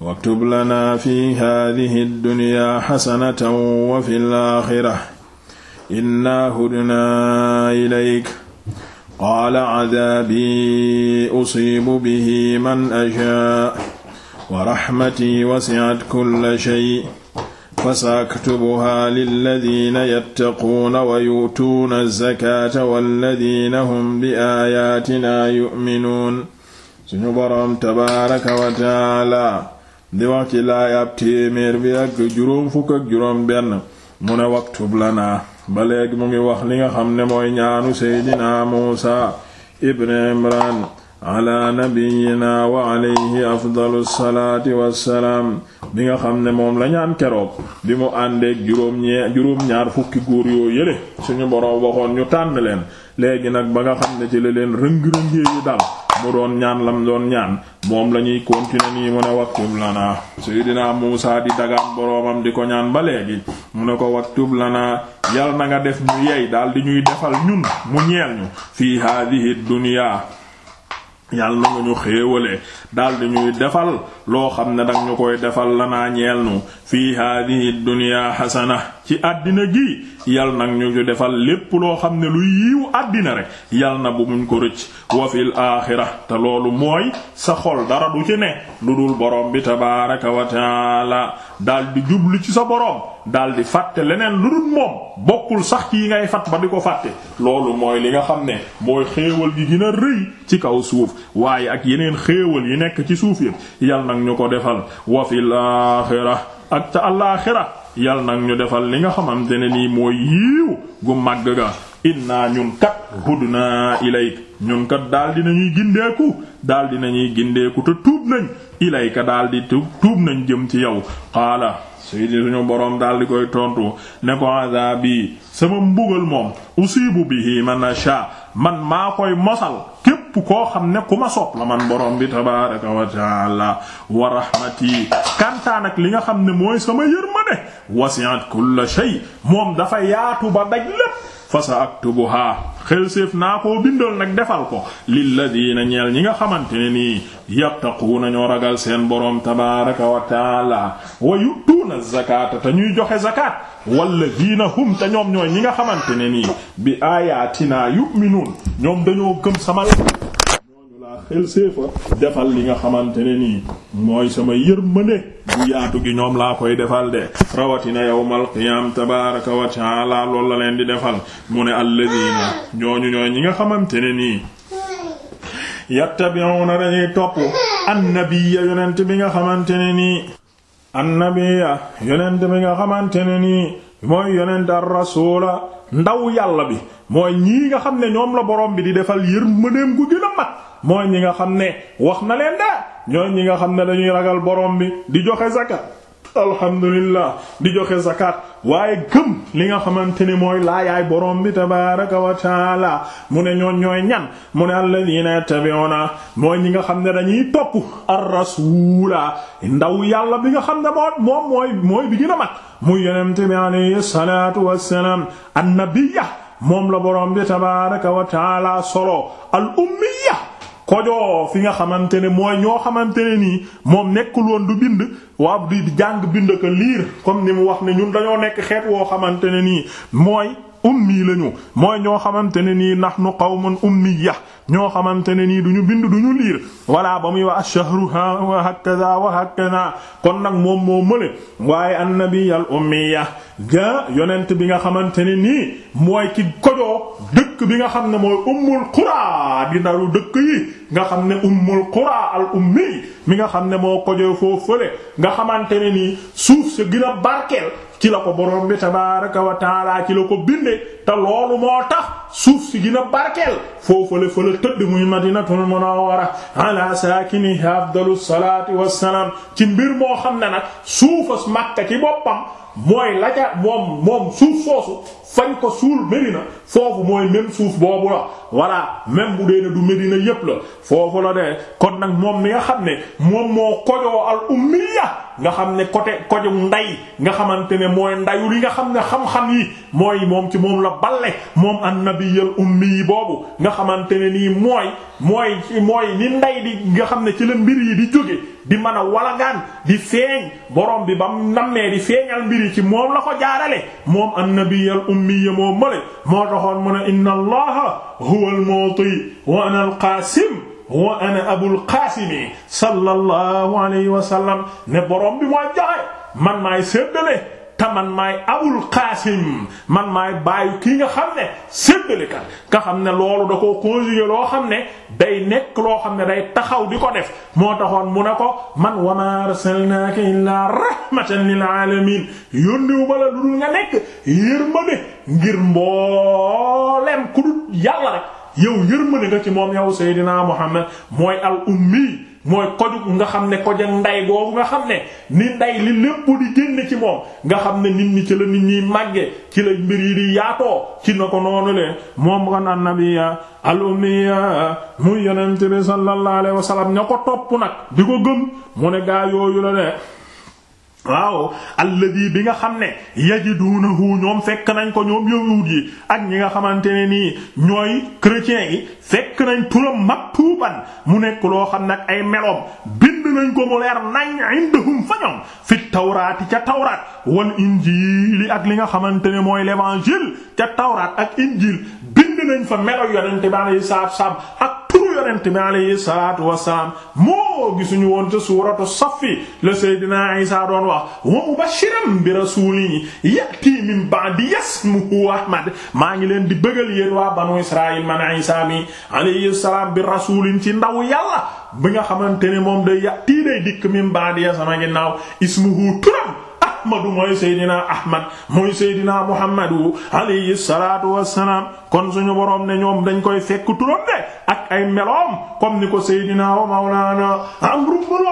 waktub lana fi hadihi dduniya xasanatan wa fi laaxira inna hudna ilayk qaala cadaabii usiibu bihi man ashaa wa raxmatii wasicat kulla shay fasaktubuhaa liladiina yattaquuna wa yu'tuuna azakaata walladiina hum biaayaatinaa yu'minuun suñu boroom tabaaraka wa taala di wax ci laayaab téeméer bi ak juróom fukk ak juróom benn mu ne waktub lanaa ba léegi mu ngi wax li nga xam ne mooy ñaanu seydinaa muusa ibn imran ala nabiyina wa alayhi afdalu salaati wassalaam bi nga xam ne moom la ñaan keroog bi mu àndeeg juróom-ñee juróom-ñaar fukki góor yoo yële suñu boroom waxoon ñu tànn leen léegi nag ba nga xam ne ci la leen rëng-rëngee yi dal mu doon ñaan lam doon ñaan moom la ñuy continuer nii mu ne waktub lanaa Seydina Muusaa di dagaam boroomam di ko ñaan ba léegi mu ne ko waktub lana yal na nga def ñu yey daal di ñuy defal ñun mu ñeel ñu fii haadihi dunya yàlla na nga ñu xéewale daal di ñuy defal loo xam ne danga ñu koy defal lanaa ñeel ñu fii haadihi dunya hasana ci àddina gi yal nag ñu defal lépp loo xam ne luy yiw àddina rek yal na bu muñ ko rëcc wa fil aaxira te loolu mooy sa xol dara du ci ne lu dul borom bi tabaaraka wa taala dal di jublu ci sa borom dal di fàtte leneen lu dul moom bokkul sax ci yi ngay fat ba di ko fàtte loolu mooy li nga xam ne mooy xéewal gi gën rëy ci kaw suuf waaye ak yeneen xéewal yi nekk ci suuf yi yal nag ñu ko defal wa aaxira ak ca alaaxira yal nag ñu defal li nga xamante ne nii mooy yiiw gu màgg ga inna ñun kat hudna ilayk ñun kat daal nañuy gindeeku daal di nañuy gindeeku te tuub nañ ilayka daal di tuub tuub nañ jëm ci yow qaala suy di suñu boroom daal di koy tontu ne ko azabi sama mbugal moom usibu bihi man asha man maa koy mosal képp koo xam ne ku ma sopp la man borom bi tabaraka wa taala kantaan ak li nga xam ne mooy sama yërmande wasi'at kulla shay moom dafa yaatu ba daj lépp fa sa aktubuha xelséef naa ko bindal nag defal ko lilladina ñeel ñi nga xamante ne nii yattaquuna ñoo ragal seen borom tabaraka wa taala wa yutuuna zakata te ñuy joxe zakat walladina hum te ñoom ñooy ñi nga xamante ne nii bi ayatina yu'minuun ñoom dañoo gëm sama la xel séefa defal li nga xamante ne nii mooy sama yërmande bu yaatu gi ñoom laa koy defal de rawatina yawmal qiyaam tabaaraka wa la leen di defal mu ne alladina ñooñu ñooy ñi nga xamante ne nii yattabi'una dañuy topp annabiyya yonent bi nga xamante ne nii annabiyya yonent bi nga xamante ne nii mooy yonent ar-rasuula ndaw yàlla bi mooy ñii nga xam ne ñoom la borom bi di defal yërmandeem gu gën a mat mooy ñi nga xam ne wax na leen da ñooy ñi nga xam ne dañuy ragal borom bi di joxe zakat alhamdulillah di joxe zakat waaye gëm li nga xamante ne mooy laayaay boroom bi tabaraka wa mu ne ñoon ñooy ñan mu ne alladina yattabi'una mooy ñi nga xam ne dañuy topp ar rasula ndaw yàlla bi nga xam ne moo moom mooy mooy bi gën a mag muy yonente bi alayhi moom la borom bi tabaraka wa solo al ummiya kojoo fi nga xamante ne mooy ñoo xamante ne nii moom nekkul woon du bind waaw di jàng bind ko liir comme ni mu wax ne ñun dañoo nekk xeet woo xamante ne nii mooy ummi lañu mooy ñoo xamante ne nii ndax nahnu qawmun ummiya ñoo xamante ne nii duñu bind duñu ñu liir walla ba muy wax ash-shahru wa hakaza wa hakaza kon nag moom moo mële waaye annabiyal ummiya ga yonent bi nga xamante ne nii mooy ci kojoo dëkk bi nga xam ne mooy ummul qura di ndaru dëkk yi nga xam ne ummul qura al ummi mi nga xam ne moo kojoo foofu fële nga xamante ne nii suuf sa gën barkeel ci la ko borom bi tabaaraka wa taala ci la ko binde te loolu moo tax suuf si gën a barkeel foofale fa la tëdd muy madinatul munawwara ala saakini afdalu salaati wassalaam ci mbir moo xam ne nag suufas Makka ci boppam mooy la ca moom moom suuf soosu fañ ko suul Medina foofu mooy même suuf boobu la voilà même bu dee ne du Medina yépp la foofu la de kon nag moom mi nga xam ne moom moo kojoo al ummiya nga xam ne côté koju nday nga xamante ne mooy ndayu li nga xam ne xam yi mooy moom ci moom la balle moom annabiyal ummi yi boobu nga xamante ne nii mooy mooy mooy ni nday di nga xam ne ci la mbir yi di jóge di mën a walla walagaan di feeñ borom bi ba mu nammee di feeñal mbir yi ci moom la ko jaarale moom annabiyal ummi ummiya moo male moo taxoon mu ne inna allaha huwa al wa ana al wa ana abul qaasimi sallallahu alayhi wa sallam man maay séddale te man maay abul qaasim xam ne séddale kat nga xam ne loolu da koo conjugué loo xam ne day nekk loo xam ne day taxaw di ko def moo taxoon mu ne ko man wa ma arsalnaaka illaa rahmatan lil alamin yónniwuma la lu dul nga nekk yërmande ngir mboolem ku dul yàlla rek yow yërmande nga ci moom yow Seydina Muhammad mooy al ummi mooy kojug nga xam ne kojug nday googu nga xam ne ni nday li lépp di génn ci moom nga xam ne nit ñi ci la nit ñiy màgge ci la mbir yi di yaatoo ci na ko noonu lee moom kon annabiya al ummiya muy yonente bi sallallahu alayhi wasallam ña ko topp nag di ko gëm mu ne gaa yooyu la de waaw alladi bi nga xam ne yajiduunahu ñoom fekk nañ ko ñoom yahuud yi ak ñi nga xamante ne nii ñooy chrétiens yi fekk nañ turam maktuuban mu nekk loo xam nag ay meloom bind nañ ko mu leer nañ indahum fa ñoom fi tawraati ca tawraat wal injiili ak li nga xamante ne mooy l'évangile ca tawraat ak injil bind nañ fa melo yonente bi alayhi salaatu salaam yonent bi alayhi salaatu wassalaam moo gisuñu woon ca suuratu saffi la seydina Isa doon wax wa mubashiran bi rasuulin yati min ba'di yasmuhu ahmad maa ngi leen di bëggal yéen waa banu israil man Isa mi alayhi salaam bi rasuulin ci ndaw yàlla bi nga xamante ne moom day yati day dikk min ba'di sama ginnaaw ismuhu turam ahmadu mooy seydina ahmad mooy seydina muhammadu alayhi salaatu wassalaam kon suñu boroom ne ñoom dañ koy fekk turam de ak ay meloom comme ni ko seydina wa mawlaana amru ibn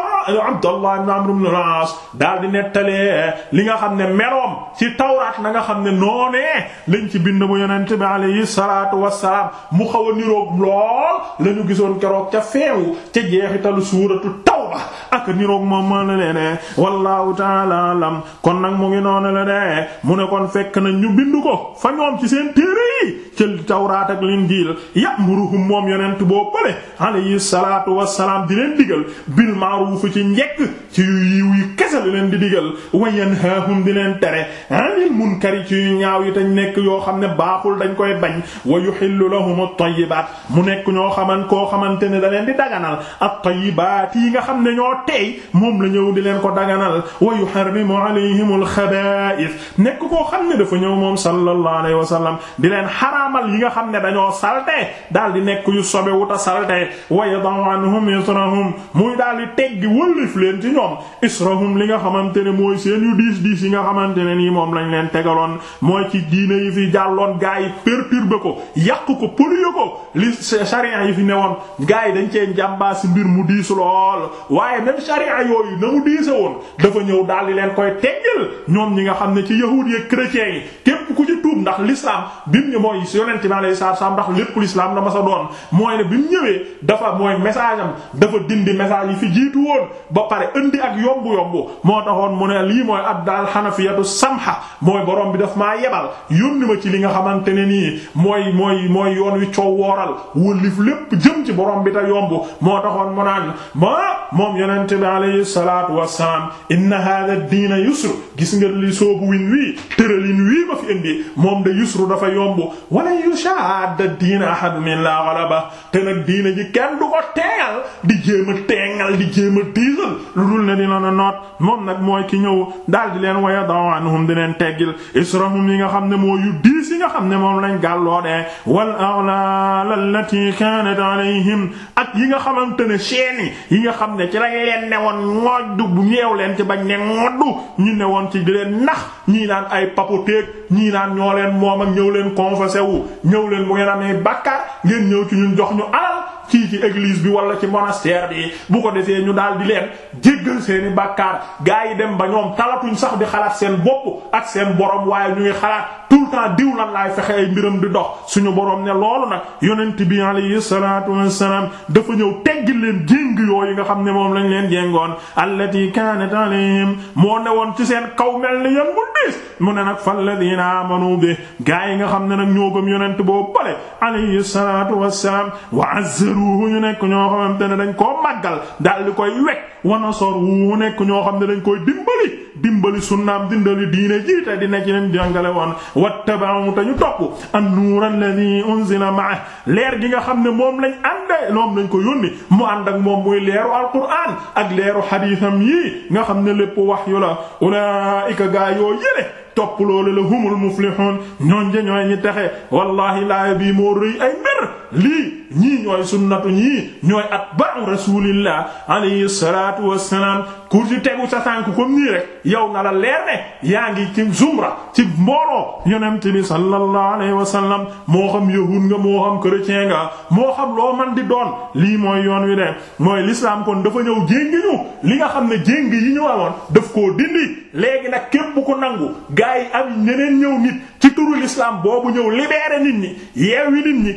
abdallah ibn amru ibn al-aas daal di nettalee li nga xam ne meloom ci tawraat na nga xam ne noonee lañ ci bind mu yonent bi alayhi salaatu wassalaam mu xaw a niroog lool lañu gisoon keroog ca feewu ca jeexitalu suuratu wax ak niroog moom ma la leene wallahu taala alam kon nag mu ngi noonu la de mu ne kon fekk na ñu bind ko fa ñoom ci seen téere yi cël tawraat ak linjiil ya'muruhum moom yonent boo bële alayhi salaatu wassalaam di leen digal bil ma'ruuf ci njekk ci yu yiw yi kese leen di digal wa yanhaahum di leen tere anil munkari ci yu ñaaw yi tañ nekk yoo xam ne baaxul dañ koy bañ wa yuhillu lahum at-tayyibaat mu nekk ñoo xaman koo xamante ne da leen di daganal at-tayyibaat yi nga xam ne ño teey moom la ñëw di leen ko daganal wa yuharrimu alayhimul xabaa'is nekk koo xam ne dafa ñëw moom sallallahu alayhi wasallam di leen xaraam araamal yi nga xam ne dañoo salte daal di nekk yu sobe wuta salte wa yadaw anhum israhum muy daal di teggi wëllif leen ci ñoom israhum li nga xamante ne mooy seen yu diis diis yi nga xamante ne nii moom lañ leen tegaloon mooy ci diine yi fi jàlloon gaa yi perturber ko yàq ko polluer ko li charia yi fi newoon gaa yi dañ cee njàmbaa si mbir mu diis lool waaye même charia yooyu na mu diise woon dafa ñëw daal di leen koy teggil ñoom ñi nga xam ne ci yahuud yi chrétiens yi képp ku ci tuub ndax l'islam bim ñu mooy yonent bi alayhi salaatu salaam ndax lépp l'islam na ma sa doon mooy ne bi mu dafa mooy message am dafa dindi message yi fi jiitu woon ba pare indi ak yombu yombu moo taxoon mu ne lii mooy abdal xanafiyatu samha mooy borom bi daf maa yebal yónni ma ci li nga xamante ne nii mooy mooy mooy yoon wi coow wooral wëlif lépp jëm ci borom bi te yomb moo taxoon mu naan ma moom yonent bi alayhi salaatu wassalaam inna hadha diina yusru gis nga li soobu win wii tëralin wii ma fi indi moom de dafa yomb walan yushadda diina ahadun illaa ghalaba te nag diina ji kenn du ko teengal di jéem a di jéem a diisal lu dul ne dina na noot moom nag mooy ci ñëw daal leen waya dawanhum di leen teggil israhum yi nga xam ne moo yu diis yi nga xam ne moom lañ gàlloo dee wal aghlal allati kanat alayhim at yi nga xamante ne chaîne yi nga xam ne ci lañ leen newoon ñooj du bu ñeew leen ci bañ ne ngoddu ñu newoon ci di leen nax ñii naan ay papoteek ñii naan ñoo leen moom ak ñëw leen confessé wu tuubu ñëw leen bu ngeen amee bàkkaar ngeen ñëw ci ñun jox ñu alal kii ci eglise bi wala ci monastère bi bu ko defee ñu daal di leen jéggal seeni bàkkaar gaa yi dem ba ñoom talatuñ sax di xalaat seen bopp ak seen borom waaye ñuy ngi xalaat tout le temps diw lan laay fexe ay mbiram di dox suñu boroom ne loolu nag yonent bi alayhi salaatu wassalaam dafa ñëw teggil leen jéng yooyu nga xam ne moom lañu leen jéngoon allati kanat alayhim moo ne woon ci seen kaw mel ni yan mu diis mu ne nag falladina amanu bi gaa yi nga xam ne nag ñoo gëm yonent boo bale alayhi salaatu wassalaam wa azzaruhu ñu nekk ñoo xamante ne dañ koo màggal daal di koy wekk wa nasaruhu nekk ñoo xam ne dañ koy dimbali dimbali sunnaam dimbali diine ji te dina ci leen jàngale woon wattaba'u te ñu topp an-nuur alladhi unzila ma'a leer gi nga xam ne moom lañ ànde moom lañ ko yónni mu ànd ak moom muy leeru alquran ak leeru xadiisam yi nga xam ne lépp wahyu la ulaa'ika gaa yoo yële topp loolu la humul muflihun ñoon ja ñooy ñi texe wallahi laaya bii moo ay mbir lii ñii ñooy sunnatu ñii ñooy atba'u rasulillah alayhi salatu wassalam ku ci tegu sa tànk comme nii rek yow na la leer ne yaa ngi ci zumra ci mbooloo yonent bi sallallahu alayhi wasallam moo xam yahud nga moo xam chrétien nga moo xam loo man di doon lii mooy yoon wi de mooy l'islam kon dafa ñëw jéngi ñu li nga xam ne jéng yi ñu amoon daf koo dindi léegi nag képp ku nangu gars yi am ñeneen ñëw nit ci turu l'islam boobu ñëw libérer nit ñi yeewi nit ñi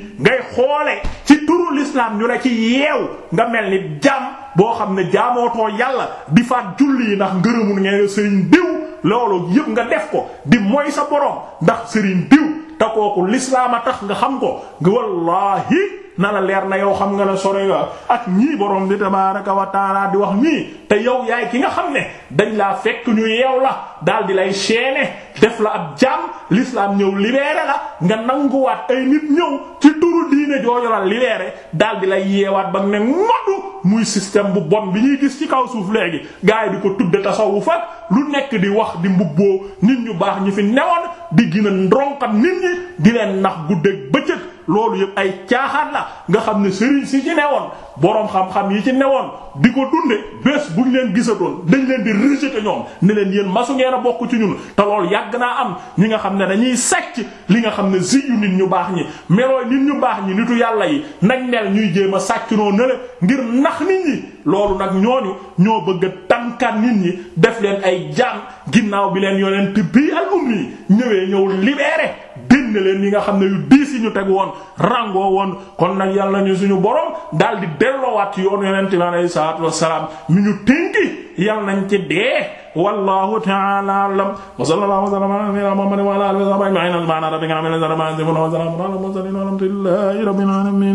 xoole ci turu l'islam ñu ne ci yeew nga mel ni jaam boo xam ne jaamootoo yàlla di faat julli yi ndax ngërëmul ngeen sëriñ diw loolu yëpp nga def ko di moy sa borom ndax sëriñ diw te kooku lislaama tax nga xam ko wallaahi na la leer na yow xam nga la sore nga ak ñii borom bi tabaaraka wa taala di wax nii te yow yaay ki nga xam ne dañ laa fekk ñu yeew la daal di lay seene def la ab jaam l'islam ñëw libéré la nga nanguwaat ay nit ñëw ci turu diine jooju la libéré daal di lay yeewaat ba ne moddu muy système bu bon bi ñuy gis ci kaw suuf léegi gars di ko tudde tasawuf ak lu nekk di wax di mbubboo nit ñu baax ñu fi newoon di gën a ndronkat nit ñi di leen nax guddeeg loolu yëpp ay caaxaat la nga xam ne sëriñ si ci newoon boroom xam-xam yi ci newoon di ko dunde bés buñ leen gisatoon dañu leen di rejeter ñoom ne leen yéen masu ngeen a bokk ci ñun te loolu yàgg naa am ñi nga xam ne dañuy sàcc li nga xam ne ziyu nit ñu baax ñi melooy nit ñu baax ñi nitu yàlla yi nañ nel ñuy jéem a sàcc noo nele ngir nax nit ñi loolu nag ñooñu ñoo bëgg a tànkan nit ñi def leen ay jaam ginnaaw bi leen yonent bii al ummi ñëwe ñëw libéré génne leen ñi nga xam ne yu diis yi ñu teg woon rangoo woon kon nag yàlla ñu suñu borom daal di delloowaat yoon yonente bi alayhi salaatu wassalaam mi ñu tënki yàlla nañ ci dee wallahu ta'ala a'lam wa sallallahu wa sallama ala nabiyyina muhammadin wa ala alihi wa sahbihi ajma'in